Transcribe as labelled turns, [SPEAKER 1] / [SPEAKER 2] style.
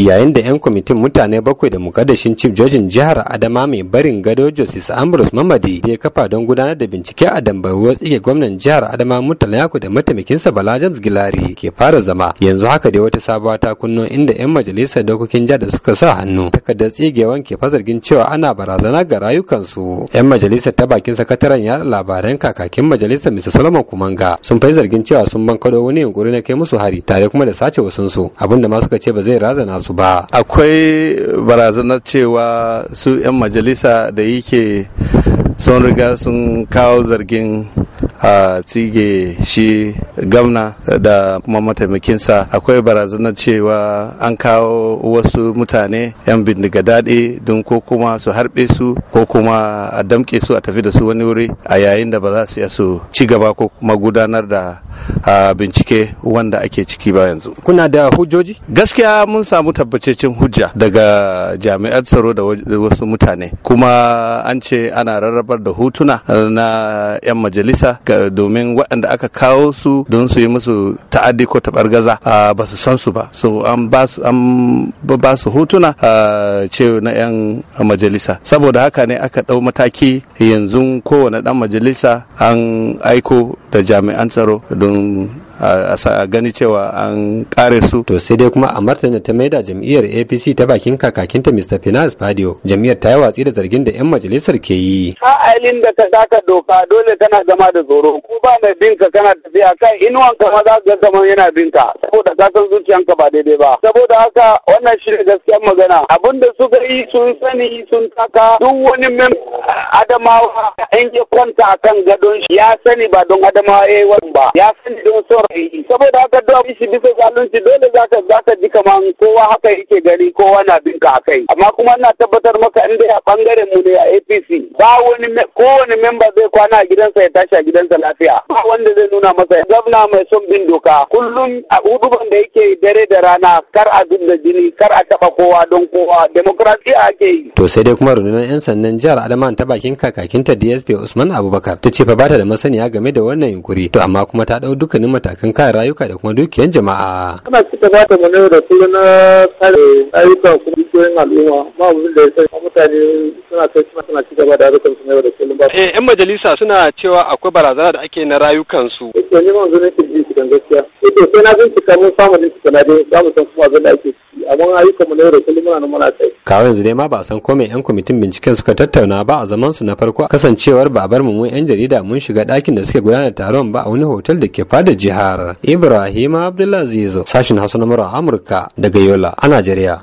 [SPEAKER 1] yayin da 'yan kwamitin mutane bakwai da mukaddashin chief jojin jihar adama mai barin gado joseph ambrose mamadi ya kafa don gudanar da bincike a dambaruwar tsige gwamnan jihar adama murtala yako da mataimakinsa bala james gilari ke fara zama yanzu haka dai wata sabuwa ta kunno inda 'yan majalisar dokokin jihar da suka sa hannu takardar tsigewan ke fazargin cewa ana barazana ga rayukansu 'yan majalisar ta bakin sakataren yada labaran kakakin majalisar mr solomon kumanga sun fai zargin cewa sun bankado wani yunkuri na kai musu hari tare kuma da sace wasunsu abinda ma suka ce ba zai razana su
[SPEAKER 2] ba akwai barazanar cewa su 'yan majalisa da yake sun riga sun kawo zargin a tsige shi gamna da kuma mataimakinsa akwai barazanar cewa an kawo wasu mutane 'yan bindiga daɗi don ko kuma su harbe su ko kuma a damƙe su a tafi da su wani wuri a yayin da ba za su su ci gaba ko kuma gudanar da bincike wanda ake ciki ba yanzu. Kuna da hujjoji? Gaskiya mun samu tabbacecin hujja daga jami'ar tsaro da wasu mutane kuma an ce ana rarrabar da hutuna na 'yan majalisa domin waɗanda aka kawo su don su yi musu ta'addi ko a ba su san su ba so an ba su an ba su hotuna ce na 'yan majalisa saboda haka ne aka ɗau mataki yanzu kowane ɗan majalisa an aiko da jami'an tsaro don a gani cewa an kare su to sai dai kuma a martani ta maida jam'iyyar
[SPEAKER 1] apc ta bakin kakakinta mr finance fadio jam'iyyar ta yi watsi da zargin da 'yan majalisar ke yi
[SPEAKER 3] fa'alin da ka saka doka dole tana zama da tsoro ko ba mai binka kana tafiya kai inuwan ka maza ka zama yana binka saboda ka san zuciyanka ba daidai ba saboda haka wannan shi gaskiyar magana abin da suka yi sun sani sun taka duk wani mem adamawa in ya kwanta akan gadon shi ya sani ba don adamawa ya yi ba ya sani don son saboda haka duk shi bisa zalunci dole zaka zaka ji kaman kowa haka yake gari kowa na bin ka akai amma kuma ina tabbatar maka in da a bangaren mu ne a APC ba wani kowane memba zai kwana a gidansa ya tashi a gidansa lafiya ba wanda zai nuna masa gwamna mai son bin doka kullum a huduban da yake dare da rana kar a da jini kar a taba kowa don kowa demokrasiya ake yi
[SPEAKER 1] to sai dai kuma rundunar yan sandan jihar adama ta bakin kakakinta DSP Usman Abubakar ta ce fa bata da masaniya game da wannan yunkuri to amma kuma ta dau dukkanin matakan matakan kare rayuka da kuma dukiyan jama'a.
[SPEAKER 3] Ana cika ba ta mana da kullum na kare rayuka kuma dukiyoyin al'umma ba mu da ya sai mutane suna kai suna suna cika ba da harkar su na da kullum ba. Eh
[SPEAKER 1] yan majalisa suna cewa akwai barazana da ake na rayukansu. su.
[SPEAKER 3] to ni ma zo ne ke ji su dan gaskiya. Eh to sai na bincika mun samu bincika kana dai za mu san kuma zan da ake amma ayyukan mu na yau da kullum muna muna kai
[SPEAKER 1] kawo yanzu dai ma ba san komai yan kwamitin binciken suka tattauna ba a zaman su na farko kasancewar ba a bar mu mu yan jarida mun shiga ɗakin da suke gudanar taron ba a wani hotel da ke fada
[SPEAKER 3] jihar Ibrahim Abdulaziz sashin Hausa na Amurka daga Yola a Najeriya